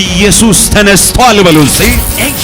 ኢየሱስ ተነስቷል በሉ።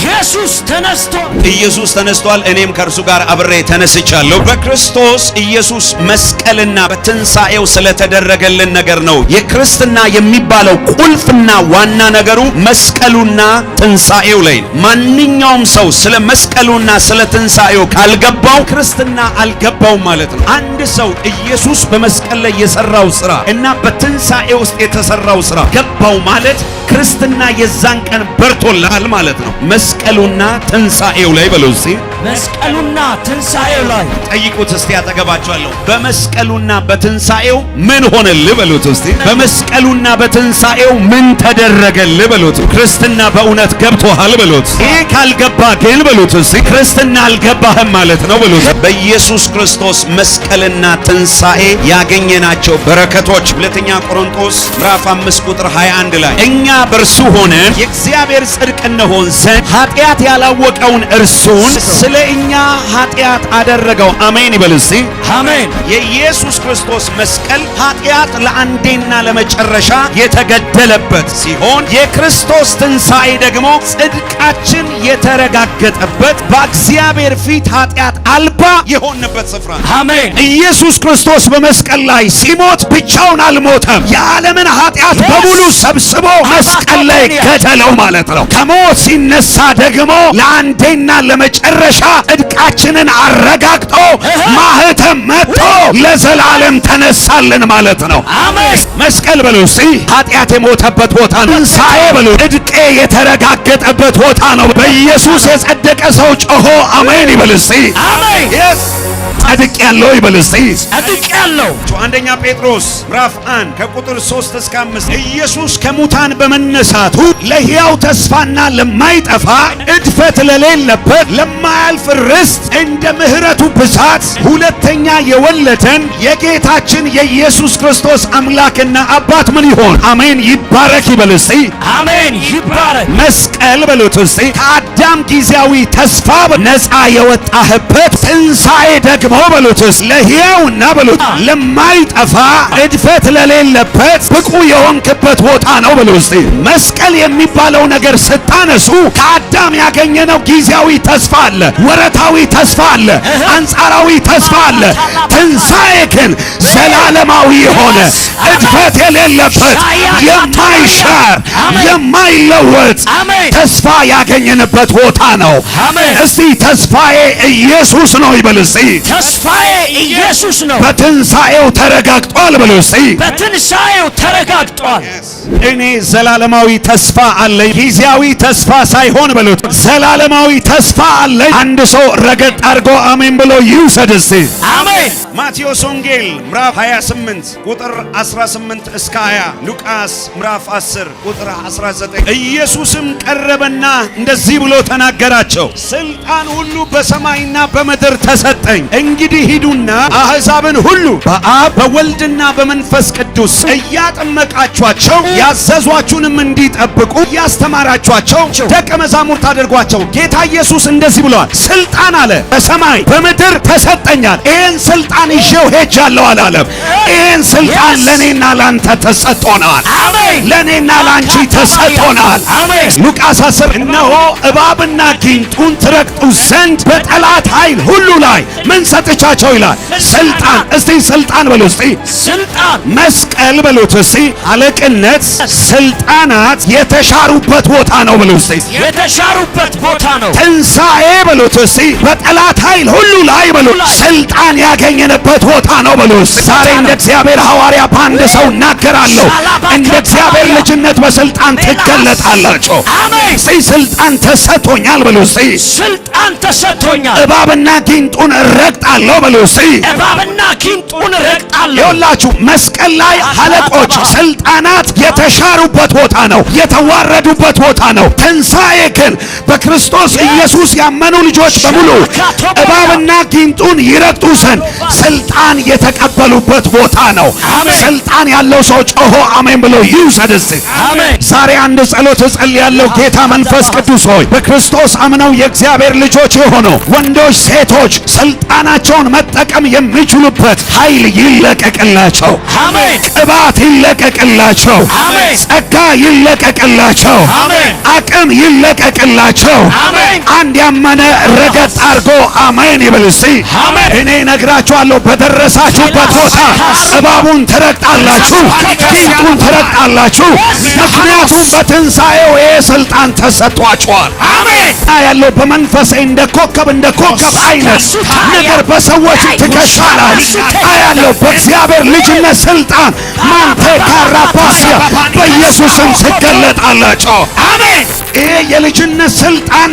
ኢየሱስ ተነስቷል። ኢየሱስ ተነስቷል። እኔም ከእርሱ ጋር አብሬ ተነስቻለሁ። በክርስቶስ ኢየሱስ መስቀልና በትንሣኤው ስለተደረገልን ነገር ነው። የክርስትና የሚባለው ቁልፍና ዋና ነገሩ መስቀሉና ትንሣኤው ላይ ማንኛውም ሰው ስለ መስቀሉና ስለ ትንሣኤው ካልገባው ክርስትና አልገባውም ማለት ነው። አንድ ሰው ኢየሱስ በመስቀል ላይ የሰራው ስራ እና በትንሣኤ ውስጥ የተሰራው ስራ ገባው ማለት ክርስትና የዛን ቀን በርቶልሃል ማለት ነው። መስቀሉና ትንሣኤው ላይ በሉ እስቲ መስቀሉና ትንሣኤው ላይ ጠይቁት እስቲ አጠገባቸዋለሁ። በመስቀሉና በትንሣኤው ምን ሆነልህ በሉት እስቲ። በመስቀሉና በትንሣኤው ምን ተደረገልህ በሉት። ክርስትና በእውነት ገብቶሃል በሉት። ይህ ካልገባ ግን በሉት እስቲ ክርስትና አልገባህም ማለት ነው በሉት። በኢየሱስ ክርስቶስ መስቀልና ትንሣኤ ያገኘናቸው በረከቶች ሁለተኛ ቆሮንቶስ ምዕራፍ 5 ቁጥር 21 ላይ እኛ በእርሱ ሆነን የእግዚአብሔር ጽድቅ እንሆን ዘንድ ኃጢአት ያላወቀውን እርሱን ስለ እኛ ኃጢአት አደረገው። አሜን ይበል እስቲ አሜን። የኢየሱስ ክርስቶስ መስቀል ኃጢአት ለአንዴና ለመጨረሻ የተገደለበት ሲሆን የክርስቶስ ትንሣኤ ደግሞ ጽድቃችን የተረጋገጠበት በእግዚአብሔር ፊት ኃጢአት አልባ የሆንበት ስፍራ ነው። አሜን። ኢየሱስ ክርስቶስ በመስቀል ላይ ሲሞት ብቻውን አልሞተም። የዓለምን ኃጢአት በሙሉ ሰብስቦ መስቀል ላይ ገደለው ማለት ነው። ከሞት ሲነሳ ደግሞ ለአንዴና ለመጨረሻ እድቃችንን አረጋግጦ ማህተም መጥቶ ለዘላለም ተነሳልን ማለት ነው። መስቀል በሉ እስቲ። ኃጢአት የሞተበት ቦታ ነው። ትንሣኤ በሉ እድቄ የተረጋገጠበት ቦታ ነው። በኢየሱስ የጸደቀ ሰው ጮሆ አሜን ይበል እስቲ። ጻድቅ ያለው ይበል እስቲ ጻድቅ ያለው አንደኛ ጴጥሮስ ምዕራፍ 1 ከቁጥር 3 እስከ 5 ኢየሱስ ከሙታን በመነሳቱ ለሕያው ተስፋና ለማይጠፋ እድፈት ለሌለበት ለማያልፍ ርስት እንደ ምሕረቱ ብዛት ሁለተኛ የወለደን የጌታችን የኢየሱስ ክርስቶስ አምላክና አባት ምን ይሆን? አሜን ይባረክ ይበል እስቲ አሜን ይባረክ። መስቀል በሉት እስቲ ከአዳም ጊዜያዊ ተስፋ ነፃ የወጣህበት ትንሣኤ ደግሞ በሉትስ ለሕያውና በሉት ለማይጠፋ እድፈት ለሌለበት ብቁ የሆንክበት ቦታ ነው ብሎ ውስጥ መስቀል የሚባለው ነገር ስታነሱ ከአዳም ያገኘነው ጊዜያዊ ተስፋ አለ፣ ወረታዊ ተስፋ አለ፣ አንጻራዊ ተስፋ አለ። ትንሣኤ ግን ዘላለማዊ የሆነ እድፈት የሌለበት የማይሻር የማይለወጥ ተስፋ ያገኘንበት ቦታ ነው። እስቲ ተስፋዬ ኢየሱስ ነው ይበል እስቲ ተስፋዬ ኢየሱስ ነው። በትንሣኤው ተረጋግጧል ብሎ እስቲ በትንሣኤው ተረጋግጧል። እኔ ዘላለማዊ ተስፋ አለኝ፣ ጊዜያዊ ተስፋ ሳይሆን ዘላለማዊ ተስፋ አለኝ። አንድ ሰው ረገጥ አድርጎ አሜን ብሎ ይውሰድ እስቲ አሜን። ማቴዎስ ወንጌል ምዕራፍ 28 ቁጥር 18 እስከ 20፣ ሉቃስ ምዕራፍ 10 ቁጥር 19። ኢየሱስም ቀረበና እንደዚህ ብሎ ተናገራቸው፣ ስልጣን ሁሉ በሰማይና በምድር ተሰጠኝ እንግዲህ ሂዱና አሕዛብን ሁሉ በአብ በወልድና በመንፈስ ቅዱስ እያጠመቃችኋቸው ያዘዟችሁንም እንዲጠብቁ እያስተማራችኋቸው ደቀ መዛሙርት አድርጓቸው። ጌታ ኢየሱስ እንደዚህ ብለዋል፣ ስልጣን አለ በሰማይ በምድር ተሰጠኛል። ይህን ስልጣን ይዤው ሄጃለሁ አላለም። ይህን ስልጣን ለእኔና ላንተ ተሰጥቶናል። ለእኔና ላንቺ ተሰጥቶናል። ሉቃስ አስር እነሆ እባብና ጊንጡን ትረግጡ ዘንድ በጠላት ኃይል ሁሉ ላይ ስልጣንን ሰጥቻቸው ይላል። ስልጣን እስቲ ስልጣን በሉ እስቲ ስልጣን መስቀል በሉት እስቲ አለቅነት ስልጣናት የተሻሩበት ቦታ ነው በሉ እስቲ የተሻሩበት ቦታ ነው። ትንሣኤ በሉት እስቲ በጠላት ኃይል ሁሉ ላይ በሉ ስልጣን ያገኘንበት ቦታ ነው በሉ እስቲ ዛሬ እንደ እግዚአብሔር ሐዋርያ በአንድ ሰው እናገራለሁ። እንደ እግዚአብሔር ልጅነት በስልጣን ትገለጣላችሁ። እስቲ ስልጣን ተሰጥቶኛል በሉ እስቲ ስልጣን ተሰጥቶኛል። እባብና ጊንጡን ረ ረግጣለሁ በሉ። እስኪ እባብና ጊንጡን ረግጣለሁ። ይኸውላችሁ መስቀል ላይ አለቆች፣ ስልጣናት የተሻሩበት ቦታ ነው፣ የተዋረዱበት ቦታ ነው። ትንሣኤ ግን በክርስቶስ ኢየሱስ ያመኑ ልጆች በሙሉ እባብና ኪንጡን ይረግጡ ዘንድ ስልጣን የተቀበሉበት ቦታ ነው። ስልጣን ያለው ሰው ጮሆ አሜን ብሎ ይውሰድ። ዛሬ አንድ ጸሎት እጸልያለሁ። ጌታ መንፈስ ቅዱስ ሆይ በክርስቶስ አምነው የእግዚአብሔር ልጆች የሆኑ ወንዶች፣ ሴቶች ስልጣን ስልጣናቸውን መጠቀም የሚችሉበት ኃይል ይለቀቅላቸው። አሜን። ቅባት ይለቀቅላቸው። አሜን። ጸጋ ይለቀቅላቸው። አሜን። አቅም ይለቀቅላቸው። አሜን። አንድ ያመነ ረገጥ አድርጎ አሜን ይብል እስቲ። እኔ ነግራችኋለሁ፣ በደረሳችሁበት ቦታ እባቡን ትረግጣላችሁ፣ ፊንጡን ትረግጣላችሁ። ምክንያቱም በትንሣኤው ይሄ ስልጣን ተሰጥቷቸዋል። አሜን። ያለው በመንፈስ እንደ ኮከብ እንደ ኮከብ አይነት ነገር በሰዎች ትከሻ ላይ አያለሁ። በእግዚአብሔር ልጅነት ስልጣን ማንቴ ካራባሲያ በኢየሱስም ስገለጣላችሁ። አሜን። ይሄ የልጅነት ስልጣን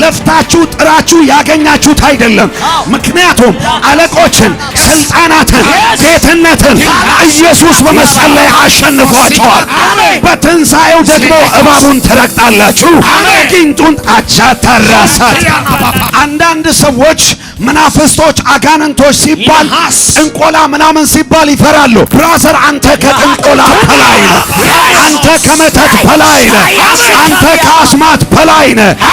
ለፍታችሁ ጥራችሁ ያገኛችሁት አይደለም። ምክንያቱም አለቆችን፣ ስልጣናትን፣ ጌትነትን ኢየሱስ በመስቀል ላይ አሸንፏቸዋል። በትንሣኤው ደግሞ እባቡን ትረግጣላችሁ፣ ጊንጡን አቻታራሳት። አንዳንድ ሰዎች መናፍስቶች፣ አጋንንቶች ሲባል ጥንቆላ ምናምን ሲባል ይፈራሉ። ብራዘር አንተ ከጥንቆላ በላይ ነህ። አንተ ከመተት በላይ ነህ። አንተ ከአስማት በላይ ነህ።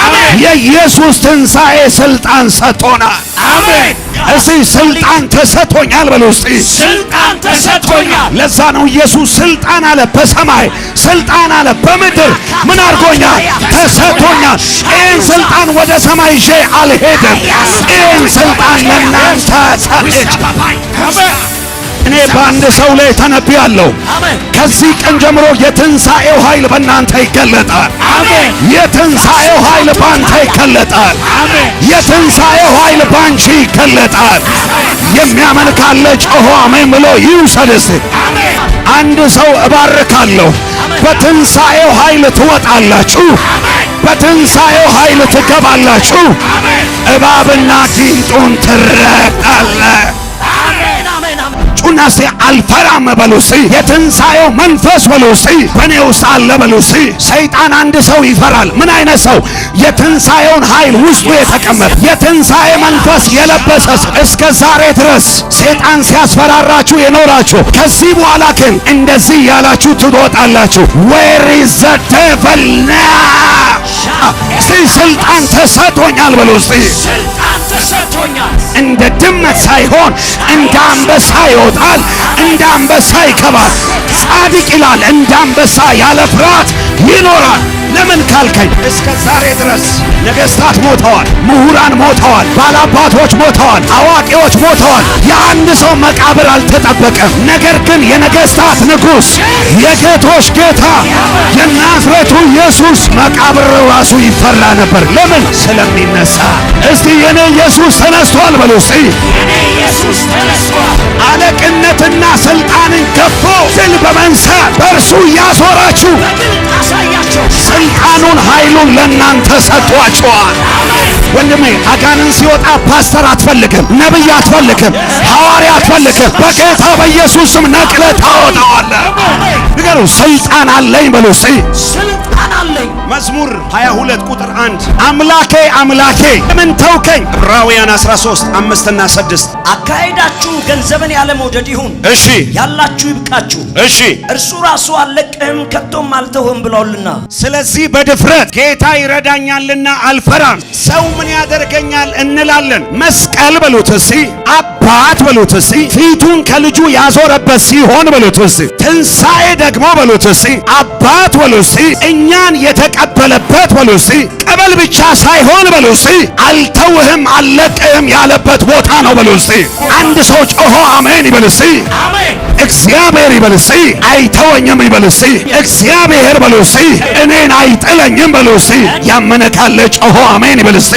የኢየሱስ ትንሣኤ ሥልጣን ሰጥቶናል። አሜን። እዚህ ስልጣን ተሰጥቶኛል በል ውስጥ ስልጣን ተሰጥቶኛል። ለዛ ነው ኢየሱስ ስልጣን አለ፣ በሰማይ ስልጣን አለ፣ በምድር ምን አድርጎኛል? ተሰጥቶኛል። ይህን ስልጣን ወደ ሰማይ ይዤ አልሄድም። ይህን ስልጣን ለእናንተ ሰጥቼ እኔ በአንድ ሰው ላይ ተነብያለሁ። ከዚህ ቀን ጀምሮ የትንሣኤው ኃይል በእናንተ ይገለጣል። የትንሣኤው ኃይል ባንተ ይገለጣል። የትንሣኤው ኃይል ባንቺ ይገለጣል። የሚያመልካለ ጮሆ አሜን ብሎ ይውሰድስ። አንድ ሰው እባርካለሁ። በትንሣኤው ኃይል ትወጣላችሁ። በትንሣኤው ኃይል ትገባላችሁ። እባብና ጊንጡን ትረግጣለህ። ውጡና ሴ አልፈራም በሉ ሲ የትንሣኤው መንፈስ በሉ ሲ በእኔ ውስጥ አለ በሉ ሲ ሰይጣን አንድ ሰው ይፈራል። ምን አይነት ሰው? የትንሣኤውን ኃይል ውስጡ የተቀመጠ የትንሣኤ መንፈስ የለበሰ እስከ ዛሬ ድረስ ሰይጣን ሲያስፈራራችሁ የኖራችሁ ከዚህ በኋላ ግን እንደዚህ ያላችሁ ትወጣላችሁ። ዌር ኢዝ ዘ ዴቭል ናው? ስልጣን ተሰጥቶኛል በሉ ሲ ስልጣን ተሰጥቶኛል እንደ ድመት ሳይሆን እንደ አንበሳ ይወጣል፣ እንደ አንበሳ ይከባል። ጻድቅ ይላል እንደ አንበሳ ያለ ፍርሃት ይኖራል። ለምን ካልከኝ እስከ ዛሬ ድረስ ነገሥታት ሞተዋል፣ ምሁራን ሞተዋል፣ ባላባቶች ሞተዋል፣ አዋቂዎች ሞተዋል። የአንድ ሰው መቃብር አልተጠበቀም። ነገር ግን የነገሥታት ንጉሥ የጌቶች ጌታ የናዝሬቱ ኢየሱስ መቃብር ራሱ ይፈራ ነበር። ለምን ስለሚነሳ። እስቲ የኔ ኢየሱስ ተነስቷል። በሉ ኢየሱስ ተነስቷል። አለቅነትና ስልጣንን ከፎ ድል በመንሳት በእርሱ እያዞራችሁ ስልጣኑን ኃይሉን ለእናንተ ሰጥቷችኋል። ወንድሜ አጋንን ሲወጣ ፓስተር አትፈልግም፣ ነቢይ አትፈልግም፣ ሐዋርያ አትፈልግም። በጌታ በኢየሱስም ነቅለ ታወጣዋለህ። ንገሩ። ስልጣን አለኝ በሉ። እስቲ ስልጣን አለኝ። መዝሙር 22 ቁጥር 1 አምላኬ አምላኬ ለምን ተውከኝ? ዕብራውያን 13 5 እና 6 አካሄዳችሁ ገንዘብን ያለመውደድ ይሁን። እሺ ያላችሁ ይብቃችሁ። እሺ እርሱ ራሱ አልለቅህም ከቶም አልተውህም ብሏልና፣ ስለዚህ በድፍረት ጌታ ይረዳኛልና አልፈራም። ሰው ምን ያደርገኛል እንላለን። መስቀል በሉት እስቲ አባት በሉት እስቲ ፊቱን ከልጁ ያዞረበት ሲሆን በሉት እስቲ ትንሣኤ ደግሞ በሉት እስቲ አባት በሉ እስቲ እኛን የተቀበለበት በሉ እስቲ ቀበል ብቻ ሳይሆን በሉ እስቲ አልተውህም አልለቅህም ያለበት ቦታ ነው በሉ እስቲ አንድ ሰው ጮሆ አሜን ይበል እስቲ እግዚአብሔር ይበል እስቲ አይተወኝም ይበል እስቲ እግዚአብሔር በሉ እስቲ እኔን አይጥለኝም በሉ እስቲ ያመነ ካለ ጮሆ አሜን ይበል እስቲ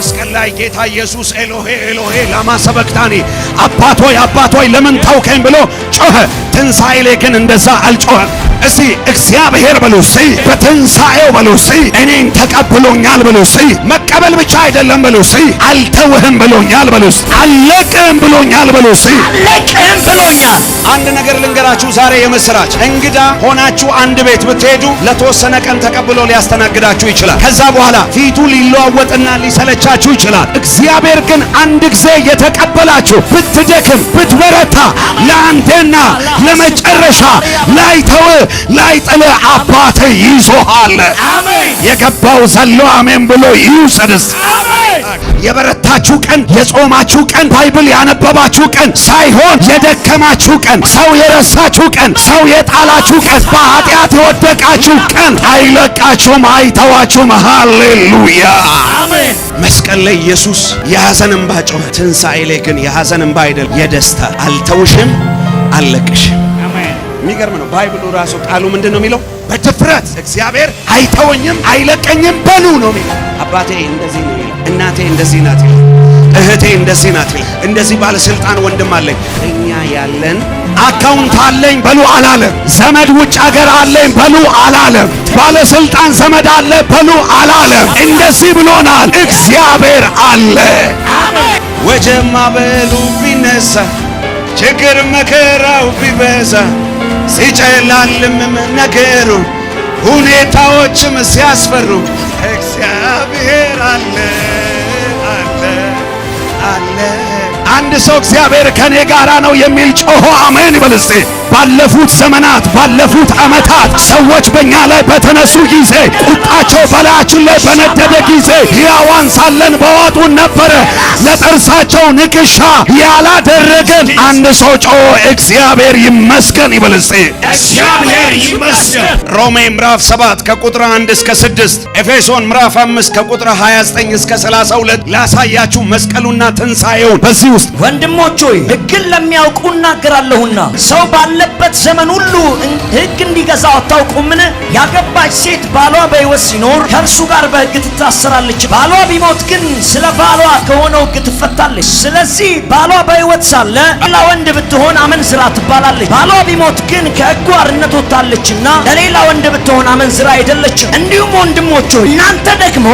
መስቀል ላይ ጌታ ኢየሱስ ኤሎሄ ኤሎሄ ላማ ሰበክታኒ አባቶይ አባቶይ ለምን ታውከኝ ብሎ ጮኸ። ትንሣኤ ላይ ግን እንደዛ አልጮኸም። እሲ እግዚአብሔር በሉ፣ በትንሣኤው በሉ፣ እኔን ተቀብሎኛል በሉ መቀበል ብቻ አይደለም በሉ እስኪ። አልተውህም ብሎኛል በሉ እስኪ። አልለቅህም ብሎኛል በሉ እስኪ። አልለቅህም ብሎኛል። አንድ ነገር ልንገራችሁ ዛሬ የምስራች። እንግዳ ሆናችሁ አንድ ቤት ብትሄዱ ለተወሰነ ቀን ተቀብሎ ሊያስተናግዳችሁ ይችላል። ከዛ በኋላ ፊቱ ሊለዋወጥና ሊሰለቻችሁ ይችላል። እግዚአብሔር ግን አንድ ጊዜ የተቀበላችሁ ብትደክም ብትበረታ፣ ለአንዴና ለመጨረሻ ላይተውህ ላይጥልህ አባትህ ይዞሃል። የገባው ዘሎ አሜን ብሎ ይውሰ ጸንስ። የበረታችሁ ቀን፣ የጾማችሁ ቀን፣ ባይብል ያነበባችሁ ቀን ሳይሆን የደከማችሁ ቀን፣ ሰው የረሳችሁ ቀን፣ ሰው የጣላችሁ ቀን፣ በኃጢአት የወደቃችሁ ቀን አይለቃችሁም፣ አይተዋችሁም። ሃሌሉያ መስቀል ላይ ኢየሱስ የሐዘን እንባ ጮኸ። ትንሣኤ ላይ ግን የሐዘን እንባ አይደለም፣ የደስታ አልተውሽም፣ አልለቅሽም። የሚገርም ነው። ባይብሉ ራሱ ቃሉ ምንድን ነው የሚለው? በድፍረት እግዚአብሔር አይተወኝም፣ አይለቀኝም በሉ ነው የሚለው አባቴ እንደዚህ ነው ይላል። እናቴ እንደዚህ ናት ይላል። እህቴ እንደዚህ ናት ይላል። እንደዚህ ባለስልጣን ወንድም አለኝ። እኛ ያለን አካውንት አለኝ በሉ አላለም። ዘመድ ውጭ ሀገር አለኝ በሉ አላለም። ባለስልጣን ዘመድ አለ በሉ አላለም። እንደዚህ ብሎናል፣ እግዚአብሔር አለ። ወጀማ በሉ ቢነሳ ችግር መከራው ቢበዛ ሲጨላልምም ነገሩ ሁኔታዎችም ሲያስፈሩ እግዚአብሔር አለ አለ አለ አንድ ሰው እግዚአብሔር ከኔ ጋራ ነው የሚል ጮሆ አሜን ይበል ባለፉት ዘመናት ባለፉት ዓመታት ሰዎች በእኛ ላይ በተነሱ ጊዜ ቁጣቸው በላያችን ላይ በነደደ ጊዜ ሕያዋን ሳለን በዋጡን ነበረ። ለጥርሳቸው ንክሻ ያላደረገን አንድ ሰው ጮሆ እግዚአብሔር ይመስገን ይበል እግዚአብሔር ይመስገን። ሮሜ ምዕራፍ 7 ከቁጥር 1 እስከ 6፣ ኤፌሶን ምዕራፍ 5 ከቁጥር 29 እስከ 32 ላሳያችሁ መስቀሉና ትንሣኤውን በዚህ ውስጥ ወንድሞች ሆይ ሕግን ለሚያውቁ እናገራለሁና ሰው ባለበት ዘመን ሁሉ ሕግ እንዲገዛው አታውቁምን? ያገባች ሴት ባሏ በሕይወት ሲኖር ከእርሱ ጋር በሕግ ትታሰራለች፣ ባሏ ቢሞት ግን ስለ ባሏ ከሆነው ሕግ ትፈታለች። ስለዚህ ባሏ በሕይወት ሳለ ሌላ ወንድ ብትሆን አመንዝራ ትባላለች። ባሏ ቢሞት ግን ከሕጉ አርነት ወጥታለችና ለሌላ ወንድ ብትሆን አመንዝራ አይደለችም። እንዲሁም ወንድሞች ሆይ እናንተ ደግሞ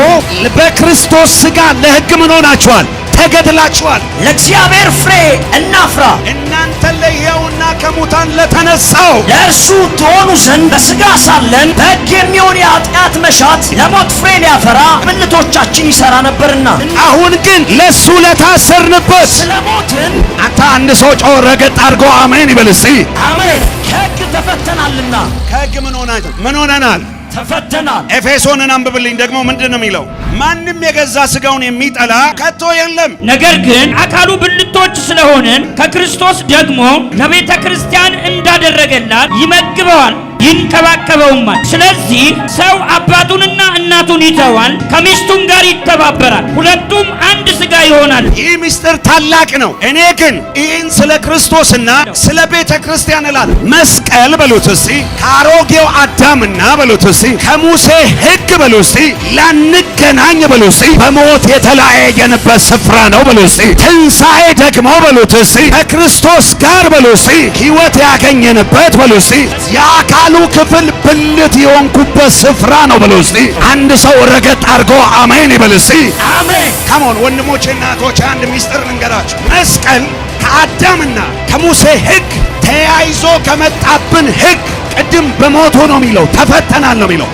በክርስቶስ ሥጋ ለሕግ ምን ሆናችኋል? ተገድላችኋል። ለእግዚአብሔር ፍሬ እናፍራ። እናንተ ለሕያውና ከሙታን ለተነሳው ለእርሱ ትሆኑ ዘንድ በሥጋ ሳለን በሕግ የሚሆን የኃጢአት መሻት ለሞት ፍሬ ሊያፈራ ምንቶቻችን ይሠራ ነበርና፣ አሁን ግን ለእሱ ለታሰርንበት ስለ ሞትን። አንተ አንድ ሰው ጮ ረገጥ አድርጎ አሜን ይበል እስቲ። አሜን። ከሕግ ተፈተናልና ከሕግ ምን ሆናል? ምን ሆነናል? ተፈተናል። ኤፌሶንን አንብብልኝ ደግሞ ምንድን ነው የሚለው? ማንም የገዛ ስጋውን የሚጠላ ከቶ የለም። ነገር ግን አካሉ ብልቶች ስለሆንን ከክርስቶስ ደግሞ ለቤተ ክርስቲያን እንዳደረገላት ይመግበዋል ይንከባከበውማል። ስለዚህ ሰው አባቱንና እናቱን ይተዋል፣ ከሚስቱም ጋር ይተባበራል፣ ሁለቱም አንድ ባለጠጋ ይሆናል። ይህ ምስጢር ታላቅ ነው። እኔ ግን ይህን ስለ ክርስቶስና ስለ ቤተ ክርስቲያን እላል። መስቀል በሉት እስቲ፣ ከአሮጌው አዳምና በሉት እስቲ፣ ከሙሴ ሕግ በሉት እስቲ፣ ላንገናኝ በሉት እስቲ፣ በሞት የተለያየንበት ስፍራ ነው በሉት እስቲ፣ ትንሣኤ ደግሞ በሉት እስቲ፣ ከክርስቶስ ጋር በሉት እስቲ፣ ሕይወት ያገኘንበት በሉት እስቲ፣ የአካሉ ክፍል ብልት የሆንኩበት ስፍራ ነው በሉት እስቲ። አንድ ሰው ረገጥ አድርጎ አሜን ይበል እስቲ። አሜን። ካሞን ወንድሞ ወንድሞቼ እናቶቼ፣ አንድ ሚስጥር ልንገራችሁ። መስቀል ከአዳምና ከሙሴ ሕግ ተያይዞ ከመጣብን ሕግ ቅድም በሞቱ ነው የሚለው ተፈተናል ነው የሚለው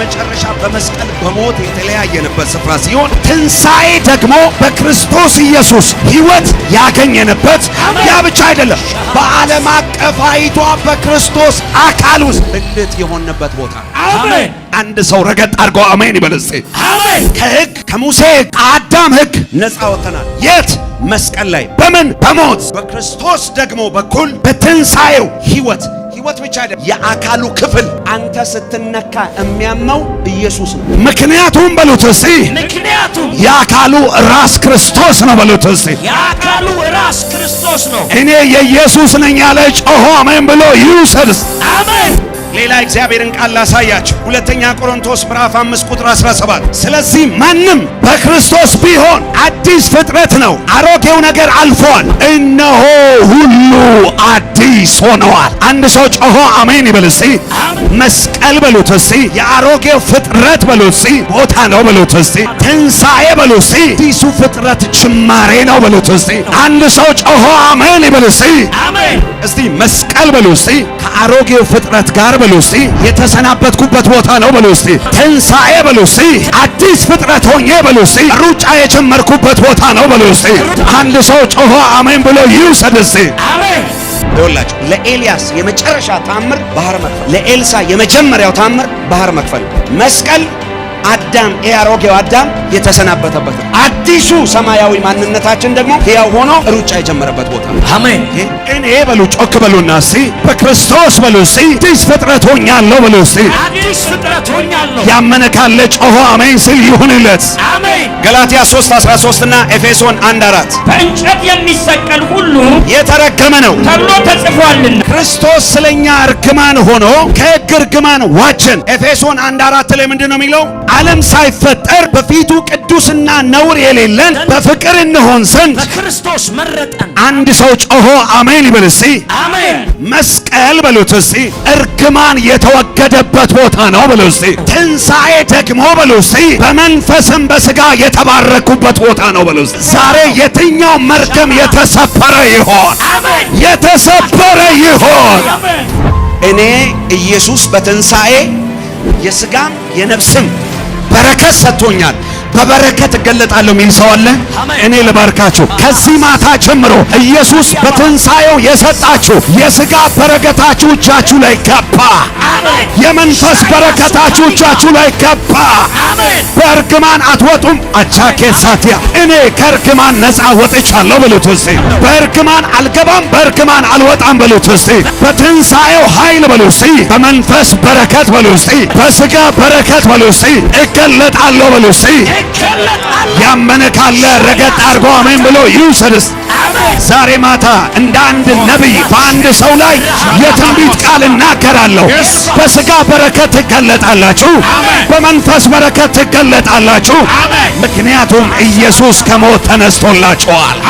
መጨረሻ በመስቀል በሞት የተለያየንበት ስፍራ ሲሆን ትንሣኤ ደግሞ በክርስቶስ ኢየሱስ ሕይወት ያገኘንበት። ያ ብቻ አይደለም፣ በዓለም አቀፋዊቷ በክርስቶስ አካል ውስጥ ብልት የሆንበት ቦታ። አሜን። አንድ ሰው ረገጥ አድርጎ አሜን ይበል አሜን። ከሕግ ከሙሴ ሕግ አዳም ሕግ ነፃ ወጥተናል። የት? መስቀል ላይ። በምን? በሞት በክርስቶስ ደግሞ በኩል በትንሣኤው ሕይወት ሕይወት ብቻ አይደለም፣ የአካሉ ክፍል አንተ ስትነካ የሚያምነው ኢየሱስ ነው። ምክንያቱም በሉት እስቲ ምክንያቱም የአካሉ ራስ ክርስቶስ ነው። በሉት እስቲ የአካሉ ራስ ክርስቶስ ነው። እኔ የኢየሱስ ነኝ ያለ ጮሆ አሜን ብሎ ይውሰድ። ሌላ እግዚአብሔርን ቃል ላሳያችሁ። ሁለተኛ ቆሮንቶስ ምዕራፍ 5 ቁጥር 17 ስለዚህ ማንም በክርስቶስ ቢሆን አዲስ ፍጥረት ነው፣ አሮጌው ነገር አልፏል፣ እነሆ ሁሉ አዲስ ሆነዋል። አንድ ሰው ጮሆ አሜን ይበል እስቲ። መስቀል በሉት እስቲ። የአሮጌው ፍጥረት በሉት እስቲ። ቦታ ነው በሉት እስቲ። ትንሣኤ በሉት እስቲ። አዲሱ ፍጥረት ጅማሬ ነው በሉት እስቲ። አንድ ሰው ጮሆ አሜን ይበል እስቲ። አሜን እስቲ መስቀል በሉት እስቲ ከአሮጌው ፍጥረት ጋር በሉ እስቲ። የተሰናበትኩበት ቦታ ነው በሉ እስቲ። ትንሣኤ በሉ እስቲ። አዲስ ፍጥረት ሆኜ በሉ እስቲ። ሩጫ የጀመርኩበት ቦታ ነው በሉ እስቲ። አንድ ሰው ጮሆ አሜን ብሎ ይውሰድ እስቲ። ይኸውላችሁ ለኤልያስ የመጨረሻ ታምር ባህር መክፈል፣ ለኤልሳ የመጀመሪያው ታምር ባህር መክፈል መስቀል አዳም ይሄ አዳም የተሰናበተበት ነው። አዲሱ ሰማያዊ ማንነታችን ደግሞ ሕያው ሆኖ ሩጫ የጀመረበት ቦታ ነው። አሜን። እኔ በሉ ጮክ በሉና እስቲ በክርስቶስ በሉ እስቲ አዲስ ፍጥረት ሆኛለሁ በሉ እስቲ አዲስ ፍጥረት ሆኛለሁ። ያመነ ካለ ጮሆ አሜን ሲል ይሁንለት። አሜን። ገላትያ 3:13 እና ኤፌሶን 1:4 በእንጨት የሚሰቀል ሁሉ የተረገመ ነው ተብሎ ተጽፏልና ክርስቶስ ስለኛ እርግማን ሆኖ ከሕግ እርግማን ዋችን። ኤፌሶን 1:4 ላይ ምንድን ነው የሚለው? ዓለም ሳይፈጠር በፊቱ ቅዱስና ነውር የሌለን በፍቅር እንሆን ዘንድ በክርስቶስ መረጠን። አንድ ሰው ጮሆ አሜን ይበል እስቲ። አሜን። መስቀል በሉት እስቲ። እርግማን የተወገደበት ቦታ ነው በሉ እስቲ። ትንሣኤ ደግሞ በሉ እስቲ። በመንፈስም በስጋ የተባረኩበት ቦታ ነው በሉ እስቲ። ዛሬ የትኛው መርገም የተሰፈረ ይሆን? የተሰበረ ይሆን። እኔ ኢየሱስ በትንሣኤ የስጋም የነፍስም በረከት ሰጥቶኛል። በበረከት እገለጣለሁ ሚል ሰው አለ? እኔ ልባርካችሁ። ከዚህ ማታ ጀምሮ ኢየሱስ በትንሣኤው የሰጣችሁ የሥጋ በረከታችሁ እጃችሁ ላይ ገባ። የመንፈስ በረከታችሁ እጃችሁ ላይ ገባ። በእርግማን አትወጡም። አቻኬ ሳትያ እኔ ከእርግማን ነፃ ወጥቻለሁ በሉት እስቲ። በእርግማን አልገባም፣ በእርግማን አልወጣም በሉት እስቲ። በትንሣኤው ኃይል በሉ እስቲ። በመንፈስ በረከት በሉ እስቲ። በሥጋ በረከት በሉ እስቲ። እገለጣለሁ በሉ እስቲ። ያመነ ካለ ረገጥ አድርጎ አሜን ብሎ ይውሰድስ። ዛሬ ማታ እንደ አንድ ነቢይ በአንድ ሰው ላይ የትንቢት ቃል እናገራለሁ። በስጋ በረከት ትገለጣላችሁ፣ በመንፈስ በረከት ትገለጣላችሁ። ምክንያቱም ኢየሱስ ከሞት ተነስቶላችኋል።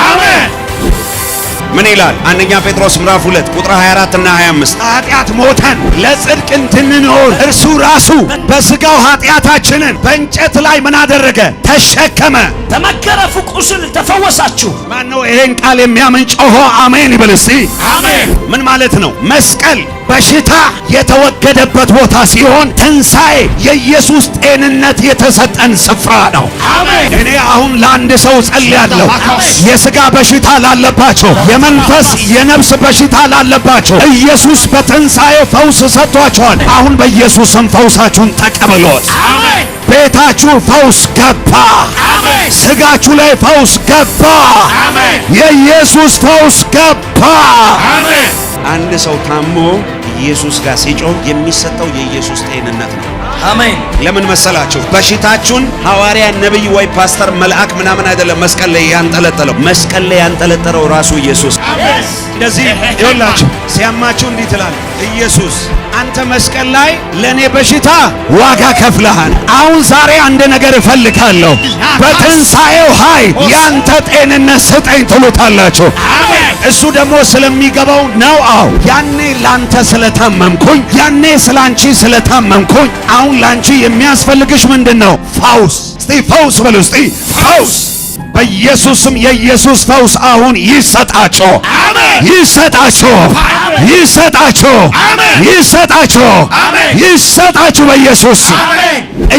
ምን ይላል? አንደኛ ጴጥሮስ ምዕራፍ 2 ቁጥር 24 እና 25 ኃጢአት ሞተን ለጽድቅ እንድንኖር እርሱ ራሱ በስጋው ኃጢአታችንን በእንጨት ላይ ምን አደረገ? ተሸከመ። በመገረፉ ቁስል ተፈወሳችሁ። ማን ነው ይሄን ቃል የሚያምን? ጮሆ አሜን ይበል እስቲ። አሜን ምን ማለት ነው? መስቀል በሽታ የተወገደበት ቦታ ሲሆን ትንሣኤ የኢየሱስ ጤንነት የተሰጠን ስፍራ ነው። አሜን። እኔ አሁን ለአንድ ሰው ጸልያለሁ፣ የስጋ በሽታ ላለባቸው መንፈስ የነፍስ በሽታ ላለባቸው ኢየሱስ በትንሣኤ ፈውስ ሰጥቷቸዋል። አሁን በኢየሱስም ፈውሳችሁን ተቀበሎት። ቤታችሁ ፈውስ ገባ። ስጋችሁ ላይ ፈውስ ገባ። የኢየሱስ ፈውስ ገባ። አንድ ሰው ታሞ ኢየሱስ ጋር ሲጮህ የሚሰጠው የኢየሱስ ጤንነት ነው። አሜን። ለምን መሰላችሁ? በሽታችሁን ሐዋርያ፣ ነብይ ወይ ፓስተር፣ መልአክ ምናምን አይደለም። መስቀል ላይ ያንጠለጠለው መስቀል ላይ ያንጠለጠለው ራሱ ኢየሱስ። እንደዚህ ይኸውላችሁ፣ ሲያማችሁ እንዲህ ኢየሱስ አንተ መስቀል ላይ ለእኔ በሽታ ዋጋ ከፍለሃል። አሁን ዛሬ አንድ ነገር እፈልጋለሁ፣ በትንሣኤው ኃይል ያንተ ጤንነት ስጠኝ ትሉታላችሁ። እሱ ደግሞ ስለሚገባው ነው። አዎ ያኔ ላንተ ስለታመምኩኝ፣ ያኔ ስላንቺ ስለታመምኩኝ፣ አሁን ላንቺ የሚያስፈልግሽ ምንድን ነው? ፈውስ። እስቲ ፈውስ በሉ እስቲ ፈውስ። በኢየሱስም የኢየሱስ ፈውስ አሁን ይሰጣቸው። ይሰጣችሁ፣ ይሰጣችሁ፣ ይሰጣችሁ፣ ይሰጣችሁ በኢየሱስ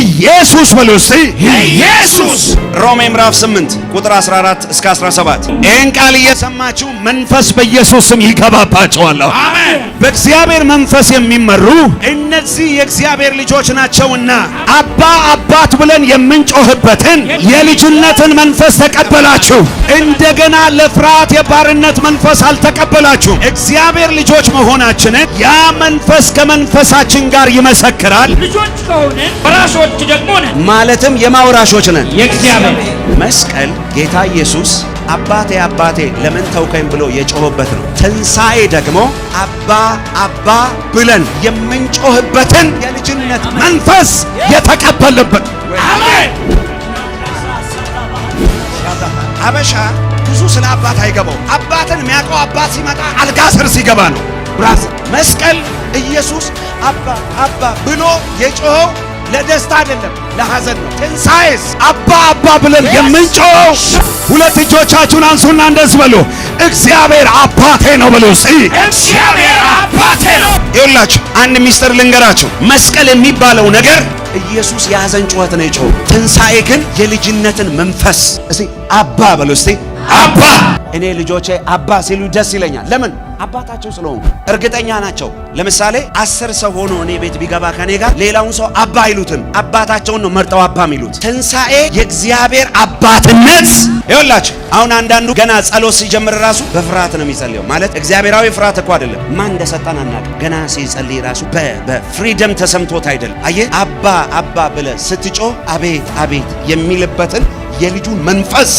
ኢየሱስ በሉ እስቲ ኢየሱስ። ሮሜ ምዕራፍ 8 ቁጥር 14 እስከ 17። ይህን ቃል እየሰማችሁ መንፈስ በኢየሱስ ስም አሜን። በእግዚአብሔር መንፈስ የሚመሩ እነዚህ የእግዚአብሔር ልጆች ናቸውና አባ አባት ብለን የምንጮህበትን የልጅነትን መንፈስ ተቀበላችሁ። እንደገና ለፍርሃት የባርነት መንፈስ አልተ ተቀበላችሁ እግዚአብሔር ልጆች መሆናችንን ያ መንፈስ ከመንፈሳችን ጋር ይመሰክራል። ልጆች ከሆነን ወራሾች ደግሞ ነን፣ ማለትም የማውራሾች ነን የእግዚአብሔር መስቀል። ጌታ ኢየሱስ አባቴ አባቴ ለምን ተውከኝ ብሎ የጮህበት ነው። ትንሣኤ ደግሞ አባ አባ ብለን የምንጮህበትን የልጅነት መንፈስ የተቀበለበት አሜን። አበሻ ብዙ ስለ አባት አይገባው። አባትን የሚያውቀው አባት ሲመጣ አልጋ ስር ሲገባ ነው። ራስ መስቀል ኢየሱስ አባ አባ ብሎ የጮኸው ለደስታ አይደለም፣ ለሐዘን ነው። ትንሣኤስ አባ አባ ብለን የምንጮኸው ሁለት እጆቻችሁን አንሱና እንደዚህ በሉ፣ እግዚአብሔር አባቴ ነው በሉ። እስቲ እግዚአብሔር አባቴ ነው ይላችሁ። አንድ ሚስጥር ልንገራችሁ። መስቀል የሚባለው ነገር ኢየሱስ የሐዘን ጩኸት ነው የጮኸው። ትንሣኤ ግን የልጅነትን መንፈስ እስቲ አባ በሉ እስቲ አባ እኔ ልጆቼ አባ ሲሉ ደስ ይለኛል። ለምን? አባታቸው ስለሆኑ እርግጠኛ ናቸው። ለምሳሌ አስር ሰው ሆኖ እኔ ቤት ቢገባ ከኔ ጋር ሌላውን ሰው አባ አይሉትም፣ አባታቸውን ነው መርጠው አባ የሚሉት። ትንሣኤ የእግዚአብሔር አባትነት ይወላችሁ። አሁን አንዳንዱ ገና ጸሎት ሲጀምር ራሱ በፍርሃት ነው የሚጸልየው። ማለት እግዚአብሔራዊ ፍርሃት እኮ አይደለም፣ ማን እንደሰጠን አናውቅም። ገና ሲጸልይ ራሱ በፍሪደም ተሰምቶት አይደለም። አየ አባ አባ ብለ ስትጮ አቤት አቤት የሚልበትን የልጁን መንፈስ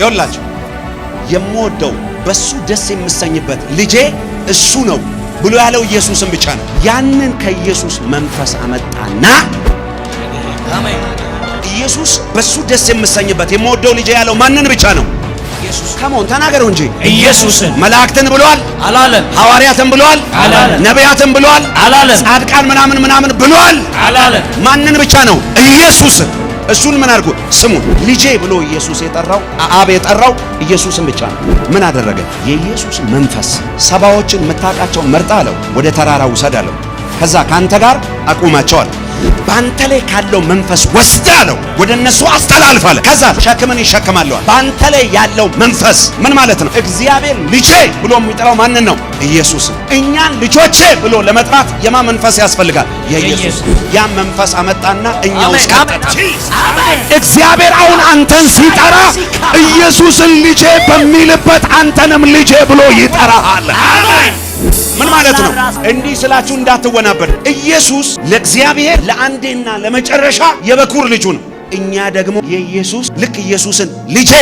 ይወላችሁ የምወደው በሱ ደስ የምሰኝበት ልጄ እሱ ነው ብሎ ያለው ኢየሱስን ብቻ ነው። ያንን ከኢየሱስ መንፈስ አመጣና ኢየሱስ በሱ ደስ የምሰኝበት የምወደው ልጄ ያለው ማንን ብቻ ነው? ከመሆን ተናገረው እንጂ ኢየሱስን። መላእክትን ብሏል አላለም። ሐዋርያትን ብሏል አላለም። ነቢያትን ብሏል አላለም። ጻድቃን ምናምን ምናምን ብሏል አላለም። ማንን ብቻ ነው? ኢየሱስን እሱን ምን አድርጎ ስሙን ልጄ ብሎ ኢየሱስ የጠራው አብ የጠራው ኢየሱስን ብቻ ነው። ምን አደረገ? የኢየሱስ መንፈስ ሰባዎችን የምታውቃቸውን መርጣ አለው፣ ወደ ተራራ ውሰድ አለው። ከዛ ካንተ ጋር አቁማቸው በአንተ ላይ ካለው መንፈስ ወስደ አለው ወደ እነሱ አለ ከዛ ሸክምን ይሸክማለዋል። በአንተ ላይ ያለው መንፈስ ምን ማለት ነው? እግዚአብሔር ልጄ ብሎ የሚጠራው ማንን ነው? ኢየሱስ። እኛን ልጆቼ ብሎ ለመጥራት የማ መንፈስ ያስፈልጋል? የኢየሱስ። ያ መንፈስ አመጣና እኛ ውስጥ እግዚአብሔር አሁን አንተን ሲጠራ ኢየሱስን ልጄ በሚልበት አንተንም ልጄ ብሎ ይጠራሃል። አሜን። ምን ማለት ነው? እንዲህ ስላችሁ እንዳትወናበድ። ኢየሱስ ለእግዚአብሔር ለአንዴና ለመጨረሻ የበኩር ልጁ ነው። እኛ ደግሞ የኢየሱስ ልክ ኢየሱስን ልጄ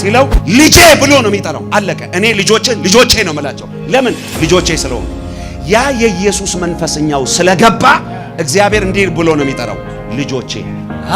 ሲለው ልጄ ብሎ ነው የሚጠራው። አለቀ። እኔ ልጆቼ ልጆቼ ነው የምላቸው። ለምን ልጆቼ ስለሆኑ። ያ የኢየሱስ መንፈስኛው ስለገባ እግዚአብሔር እንዲህ ብሎ ነው የሚጠራው ልጆቼ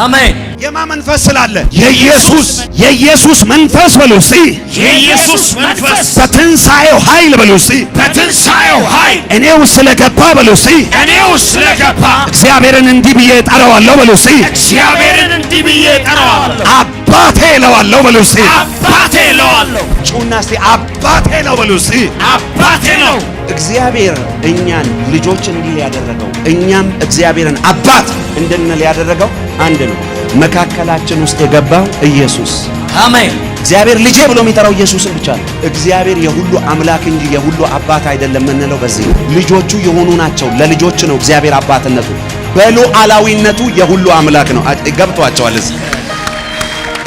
አሜን። የማ መንፈስ ስላለ የኢየሱስ የኢየሱስ መንፈስ በሉ እስቲ የኢየሱስ መንፈስ በትንሣኤው ኃይል በሉ እስቲ በትንሣኤው ኃይል እኔው ስለገባ በሉ እስቲ እኔው ስለገባ እግዚአብሔርን እንዲህ ብዬ እጠራዋለሁ በሉ እስቲ እግዚአብሔርን እንዲህ ብዬ እጠራዋለሁ። አባቴ እለዋለሁ በሉ እስኪ። አባቴ እለዋለሁ ጩና እስኪ አባቴ ነው በሉ እስኪ። አባቴ ነው። እግዚአብሔር እኛን ልጆች እንዲህ ያደረገው እኛም እግዚአብሔርን አባት እንድንል ያደረገው አንድ ነው። መካከላችን ውስጥ የገባው ኢየሱስ አሜን። እግዚአብሔር ልጄ ብሎ የሚጠራው ኢየሱስን ብቻ ነው። እግዚአብሔር የሁሉ አምላክ እንጂ የሁሉ አባት አይደለም የምንለው በዚህ ልጆቹ የሆኑ ናቸው። ለልጆች ነው እግዚአብሔር አባትነቱ፣ በሉዓላዊነቱ የሁሉ አምላክ ነው። ገብቷቸዋል እዚህ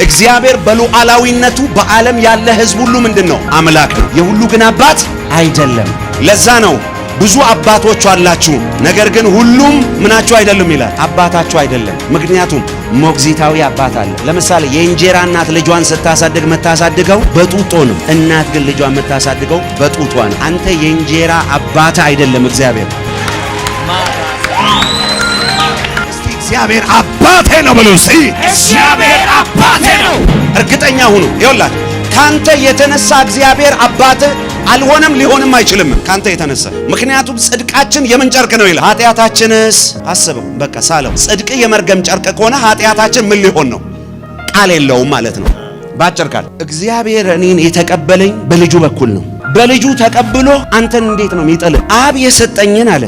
እግዚአብሔር በሉዓላዊነቱ በዓለም ያለ ሕዝብ ሁሉ ምንድን ነው? አምላክ ነው። የሁሉ ግን አባት አይደለም። ለዛ ነው ብዙ አባቶች አላችሁ፣ ነገር ግን ሁሉም ምናችሁ አይደለም ይላል። አባታችሁ አይደለም። ምክንያቱም ሞግዚታዊ አባት አለ። ለምሳሌ የእንጀራ እናት ልጇን ስታሳድግ የምታሳድገው በጡጦ ነው። እናት ግን ልጇን የምታሳድገው በጡጧ ነው። አንተ የእንጀራ አባት አይደለም እግዚአብሔር እግዚአብሔር አባቴ ነው ብሎ እግዚአብሔር አባቴ ነው እርግጠኛ ሁኑ። ይወላል ካንተ የተነሳ እግዚአብሔር አባትህ አልሆነም፣ ሊሆንም አይችልም ካንተ የተነሳ ምክንያቱም ጽድቃችን የምን ጨርቅ ነው ይላል። ኃጢአታችንስ አስበው፣ በቃ ሳለው። ጽድቅ የመርገም ጨርቅ ከሆነ ኃጢአታችን ምን ሊሆን ነው? ቃል የለውም ማለት ነው። ባጭር ቃል እግዚአብሔር እኔን የተቀበለኝ በልጁ በኩል ነው። በልጁ ተቀብሎ አንተን እንዴት ነው የሚጥልህ? አብ የሰጠኝን አለ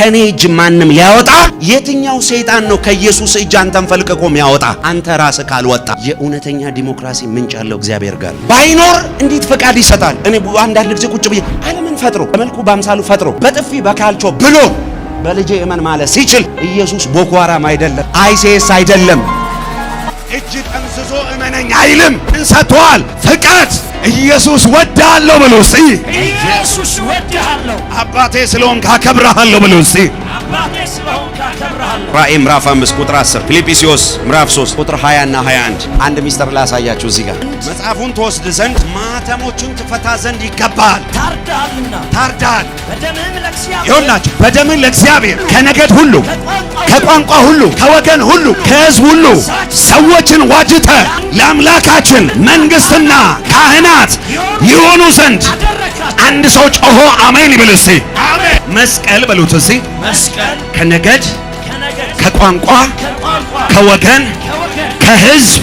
ከኔ እጅ ማንም ሊያወጣ የትኛው ሰይጣን ነው ከኢየሱስ እጅ አንተን ፈልቅቆ የሚያወጣ? አንተ ራስህ ካልወጣ። የእውነተኛ ዲሞክራሲ ምንጭ ያለው እግዚአብሔር ጋር ባይኖር እንዴት ፈቃድ ይሰጣል? እኔ አንዳንድ ጊዜ ቁጭ ብዬ ዓለምን ፈጥሮ በመልኩ በአምሳሉ ፈጥሮ በጥፊ በካልቾ ብሎ በልጄ እመን ማለት ሲችል ኢየሱስ ቦኮ ሃራም አይደለም፣ አይሴስ አይደለም፣ እጅ ጠምዝዞ እመነኝ አይልም። እንሰጥተዋል ፍቃድ ኢየሱስ ወድሃለሁ ብሎ እስቲ ኢየሱስ ወድሃለሁ፣ አባቴ ስለሆንክ አከብርሃለሁ ብሎ እስቲ አባቴ ስለሆንክ አከብርሃለሁ። ራእይ ምዕራፍ 5 ቁጥር 10፣ ፊልጵስዩስ ምዕራፍ 3 ቁጥር 20 እና 21። አንድ ሚስጥር ላሳያችሁ እዚህ ጋር። መጽሐፉን ትወስድ ዘንድ ማኅተሞቹን ትፈታ ዘንድ ይገባሃል። ታርዳልና ታርዳል። በደምህም ለእግዚአብሔር ይሁንላችሁ፣ በደምህም ለእግዚአብሔር ከነገድ ሁሉ ከቋንቋ ሁሉ ከወገን ሁሉ ከህዝብ ሁሉ ሰዎችን ዋጅተ ለአምላካችን መንግስትና ካህና ካህናት ይሆኑ ዘንድ አንድ ሰው ጮሆ አሜን ይበል እስቲ። መስቀል በሉት እስቲ። ከነገድ ከቋንቋ ከወገን ከህዝብ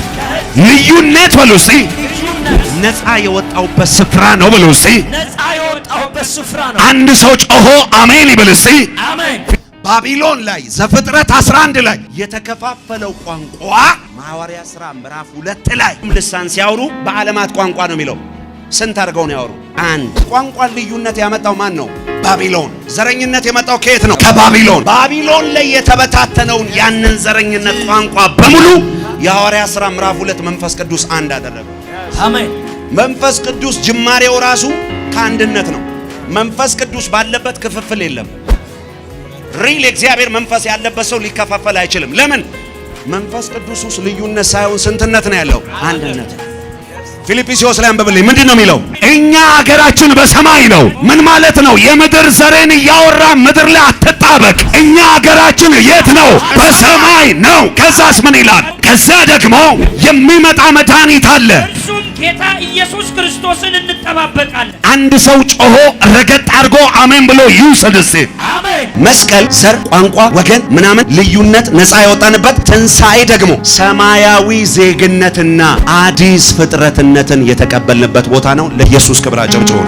ልዩነት በሉ እስቲ ነፃ የወጣውበት ስፍራ ነው በሉ እስቲ። አንድ ሰው ጮሆ አሜን ይበል እስቲ። ባቢሎን ላይ ዘፍጥረት 11 ላይ የተከፋፈለው ቋንቋ ማዋሪያ ሥራ ምዕራፍ ሁለት ላይ ልሳን ሲያወሩ በዓለማት ቋንቋ ነው የሚለው። ስንት አድርገው ነው ያወሩ? አንድ ቋንቋን ልዩነት ያመጣው ማን ነው? ባቢሎን። ዘረኝነት የመጣው ከየት ነው? ከባቢሎን። ባቢሎን ላይ የተበታተነውን ያንን ዘረኝነት ቋንቋ በሙሉ የሐዋርያ ሥራ ምዕራፍ ሁለት መንፈስ ቅዱስ አንድ አደረገ። አሜን። መንፈስ ቅዱስ ጅማሬው ራሱ ከአንድነት ነው። መንፈስ ቅዱስ ባለበት ክፍፍል የለም። ሪል የእግዚአብሔር መንፈስ ያለበት ሰው ሊከፋፈል አይችልም። ለምን? መንፈስ ቅዱስ ውስጥ ልዩነት ሳይሆን ስንትነት ነው ያለው? አንድነት ነው። ፊልጵስዩስ ላይ አንብብልኝ። ምንድን ነው የሚለው? እኛ ሀገራችን በሰማይ ነው። ምን ማለት ነው? የምድር ዘሬን እያወራ ምድር ላይ አትጣበቅ። እኛ ሀገራችን የት ነው? በሰማይ ነው። ከዛስ ምን ይላል? ከዛ ደግሞ የሚመጣ መድኃኒት አለ። ጌታ ኢየሱስ ክርስቶስን እንጠባበቃለን። አንድ ሰው ጮሆ ረገጥ አድርጎ አሜን ብሎ ይውሰድ። መስቀል ዘር፣ ቋንቋ፣ ወገን ምናምን ልዩነት ነፃ የወጣንበት ትንሣኤ ደግሞ ሰማያዊ ዜግነትና አዲስ ፍጥረትና ነፃነትን የተቀበልንበት ቦታ ነው። ለኢየሱስ ክብር አጨብጭቡ።